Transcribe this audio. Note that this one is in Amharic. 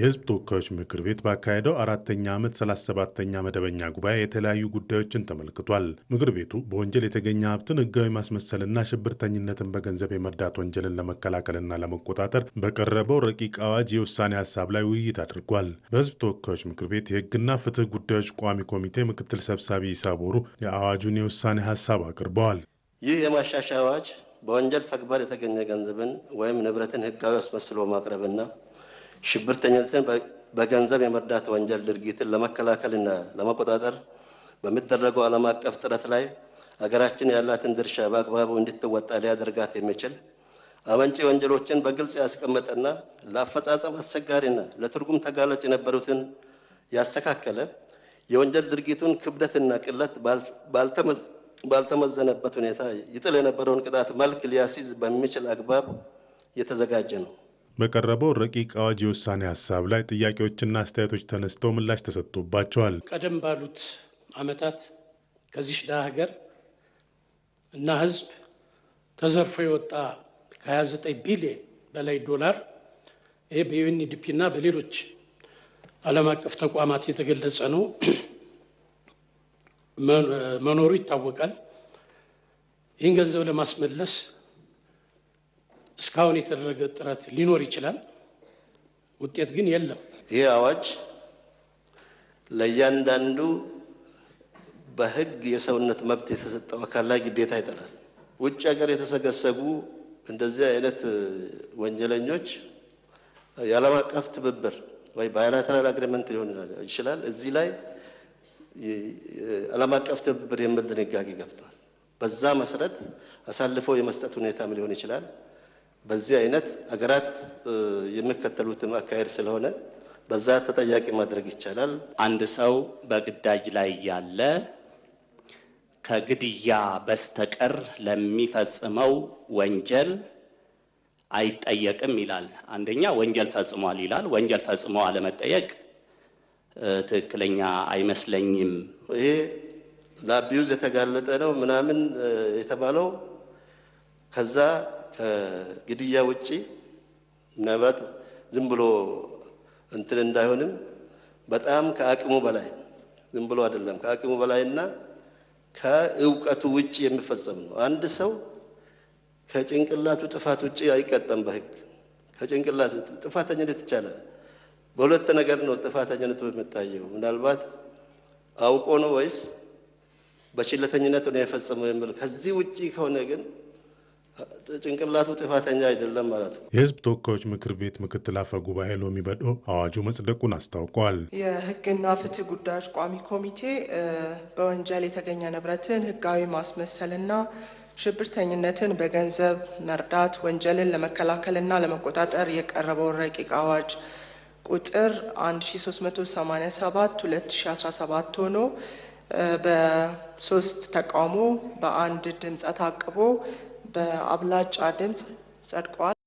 የህዝብ ተወካዮች ምክር ቤት ባካሄደው አራተኛ ዓመት 37 ሰባተኛ መደበኛ ጉባኤ የተለያዩ ጉዳዮችን ተመልክቷል። ምክር ቤቱ በወንጀል የተገኘ ሀብትን ህጋዊ ማስመሰልና ሽብርተኝነትን በገንዘብ የመርዳት ወንጀልን ለመከላከልና ለመቆጣጠር በቀረበው ረቂቅ አዋጅ የውሳኔ ሀሳብ ላይ ውይይት አድርጓል። በህዝብ ተወካዮች ምክር ቤት የህግና ፍትህ ጉዳዮች ቋሚ ኮሚቴ ምክትል ሰብሳቢ ይሳቦሩ የአዋጁን የውሳኔ ሀሳብ አቅርበዋል። ይህ የማሻሻያ አዋጅ በወንጀል ተግባር የተገኘ ገንዘብን ወይም ንብረትን ህጋዊ አስመስሎ ማቅረብና ሽብርተኝነትን በገንዘብ የመርዳት ወንጀል ድርጊትን ለመከላከልና ለመቆጣጠር በሚደረገው ዓለም አቀፍ ጥረት ላይ ሀገራችን ያላትን ድርሻ በአግባቡ እንድትወጣ ሊያደርጋት የሚችል አመንጪ ወንጀሎችን በግልጽ ያስቀመጠና ለአፈጻጸም አስቸጋሪና ለትርጉም ተጋላጭ የነበሩትን ያስተካከለ የወንጀል ድርጊቱን ክብደትና ቅለት ባልተመዘነበት ሁኔታ ይጥል የነበረውን ቅጣት መልክ ሊያስይዝ በሚችል አግባብ የተዘጋጀ ነው። በቀረበው ረቂቅ አዋጅ የውሳኔ ሀሳብ ላይ ጥያቄዎችና አስተያየቶች ተነስተው ምላሽ ተሰጥቶባቸዋል። ቀደም ባሉት ዓመታት ከዚህ ዳ ሀገር እና ህዝብ ተዘርፎ የወጣ ከ29 ቢሊዮን በላይ ዶላር ይህ በዩኤንዲፒ እና በሌሎች ዓለም አቀፍ ተቋማት የተገለጸ ነው መኖሩ ይታወቃል። ይህን ገንዘብ ለማስመለስ እስካሁን የተደረገ ጥረት ሊኖር ይችላል። ውጤት ግን የለም። ይህ አዋጅ ለእያንዳንዱ በህግ የሰውነት መብት የተሰጠው አካል ላይ ግዴታ ይጥላል። ውጭ ሀገር የተሰገሰጉ እንደዚህ አይነት ወንጀለኞች የዓለም አቀፍ ትብብር ወይ ባይላተራል አግሪመንት ሊሆን ይችላል። እዚህ ላይ ዓለም አቀፍ ትብብር የሚል ድንጋጌ ገብቷል። በዛ መሰረት አሳልፈው የመስጠት ሁኔታም ሊሆን ይችላል። በዚህ አይነት ሀገራት የሚከተሉትም አካሄድ ስለሆነ በዛ ተጠያቂ ማድረግ ይቻላል። አንድ ሰው በግዳጅ ላይ ያለ ከግድያ በስተቀር ለሚፈጽመው ወንጀል አይጠየቅም ይላል። አንደኛ ወንጀል ፈጽሟል ይላል። ወንጀል ፈጽሞ አለመጠየቅ ትክክለኛ አይመስለኝም። ይሄ ለአቢዩዝ የተጋለጠ ነው ምናምን የተባለው ከዛ ከግድያ ውጪ ምናልባት ዝም ብሎ እንትን እንዳይሆንም በጣም ከአቅሙ በላይ ዝም ብሎ አይደለም፣ ከአቅሙ በላይና ከእውቀቱ ውጪ የሚፈጸም ነው። አንድ ሰው ከጭንቅላቱ ጥፋት ውጪ አይቀጠም በህግ ከጭንቅላቱ ጥፋተኝነት ይቻላል። በሁለት ነገር ነው ጥፋተኝነቱ የምታየው፣ ምናልባት አውቆ ነው ወይስ በችለተኝነት ነው የፈጸመው የምል። ከዚህ ውጪ ከሆነ ግን ጭንቅላቱ ጥፋተኛ አይደለም ማለት ነው። የህዝብ ተወካዮች ምክር ቤት ምክትል አፈ ጉባኤ ሎሚ በዶ አዋጁ መጽደቁን አስታውቋል። የህግና ፍትህ ጉዳዮች ቋሚ ኮሚቴ በወንጀል የተገኘ ንብረትን ህጋዊ ማስመሰልና ሽብርተኝነትን በገንዘብ መርዳት ወንጀልን ለመከላከልና ለመቆጣጠር የቀረበውን ረቂቅ አዋጅ ቁጥር 1387 2017 ሆኖ በሶስት ተቃውሞ በአንድ ድምፀ ታቅቦ በአብላጫ ድምፅ ጸድቋል።